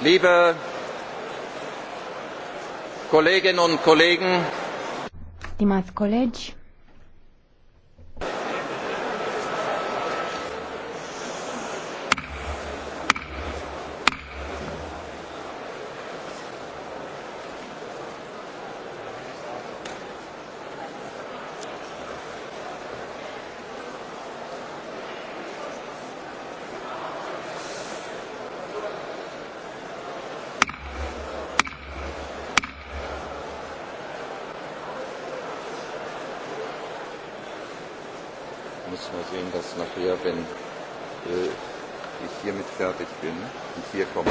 Liebe Kolleginnen und Kollegen, Stimați colegi, muss nur sehen, dass nachher, wenn äh, ich hiermit fertig bin, und hier kommt.